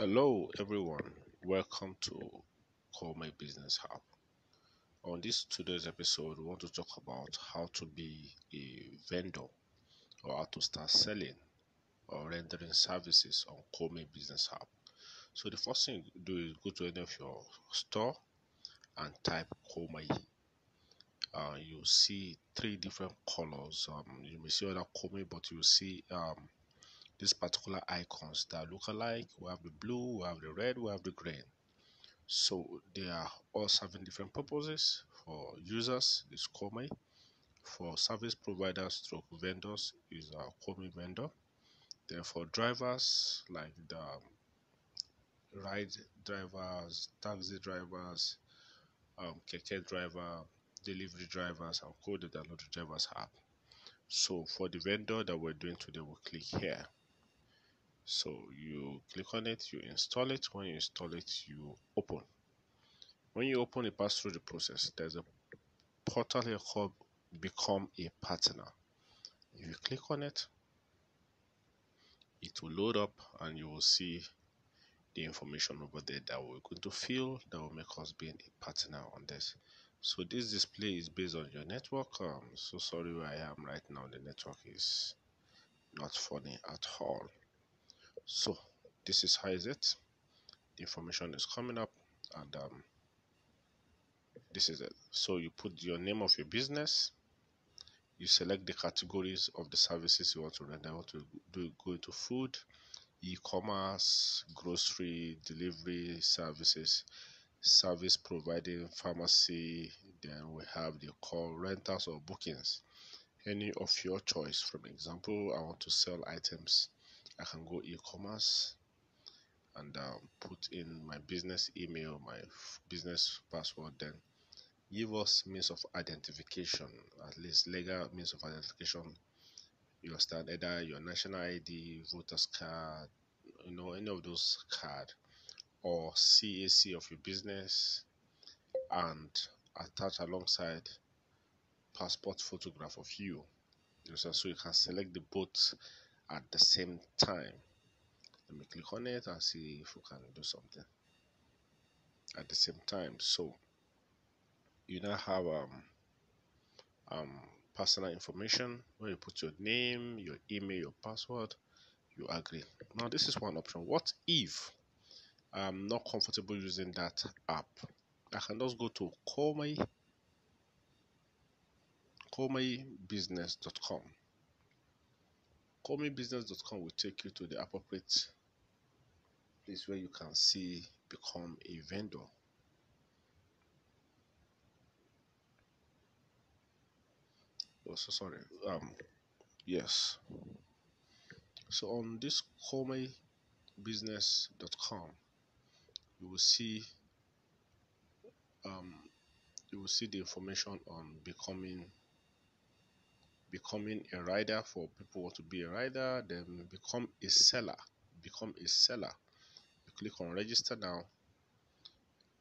Hello, everyone. Welcome to Call My Business Hub. On this today's episode, we want to talk about how to be a vendor or how to start selling or rendering services on Call My Business Hub. So, the first thing you do is go to any of your store and type Call My. Uh, you see three different colors. Um, you may see other Call Me, but you see um, these particular icons that look alike. We have the blue, we have the red, we have the green. So they are all serving different purposes for users is Comey, for service providers stroke vendors is our Comey vendor. Then for drivers like the ride drivers, taxi drivers, um, keke driver, delivery drivers, and code that download drivers have. So for the vendor that we're doing today, we'll click here so you click on it you install it when you install it you open when you open it pass through the process there's a portal here called become a partner if you click on it it will load up and you will see the information over there that we're going to fill that will make us being a partner on this so this display is based on your network i'm so sorry where i am right now the network is not funny at all so this is how is it the information is coming up and um, this is it so you put your name of your business you select the categories of the services you want to render. I want to do go to food, e-commerce, grocery delivery services, service providing, pharmacy. Then we have the call rentals or bookings, any of your choice. For example, I want to sell items I can go e-commerce and um, put in my business email, my business password, then give us means of identification, at least legal means of identification. You understand either your national ID, voter's card, you know, any of those card or CAC of your business and attach alongside passport photograph of you. So you can select the both at the same time. Let me click on it and see if we can do something at the same time. So you now have um, um, personal information where you put your name, your email, your password. You agree. Now this is one option. What if I'm not comfortable using that app? I can just go to call my business.com ComiBusiness.com will take you to the appropriate place where you can see become a vendor. Oh, so sorry. Um, yes. So on this ComiBusiness.com, you will see um, you will see the information on becoming becoming a rider for people to be a rider then become a seller become a seller you click on register now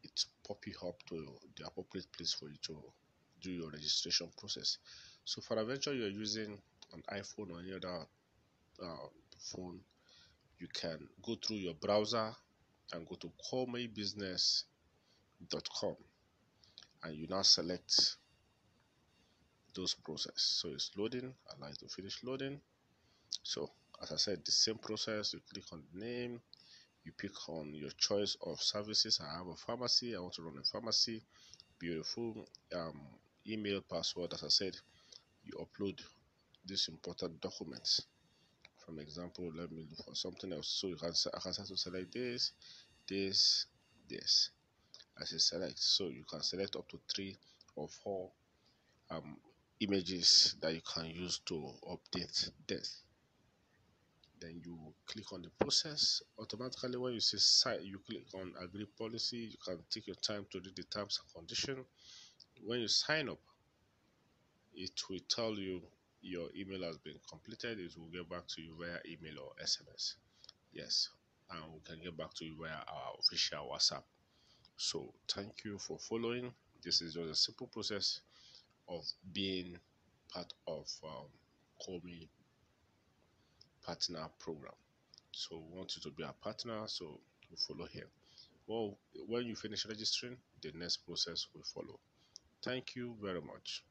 it pop you up to the appropriate place for you to do your registration process so for adventure you're using an iphone or any other uh, phone you can go through your browser and go to callmybusiness.com and you now select those process so it's loading I like to finish loading so as i said the same process you click on name you pick on your choice of services i have a pharmacy i want to run a pharmacy beautiful um, email password as i said you upload this important documents from example let me look for something else so you can i can start to select this this this as you select so you can select up to three or four um, images that you can use to update this then you click on the process automatically when you see site you click on agree policy you can take your time to read the terms and condition when you sign up it will tell you your email has been completed it will get back to you via email or sms yes and we can get back to you via our official whatsapp so thank you for following this is just a simple process of being part of um, Komi partner program. So we want you to be a partner, so we follow here. Well, when you finish registering, the next process will follow. Thank you very much.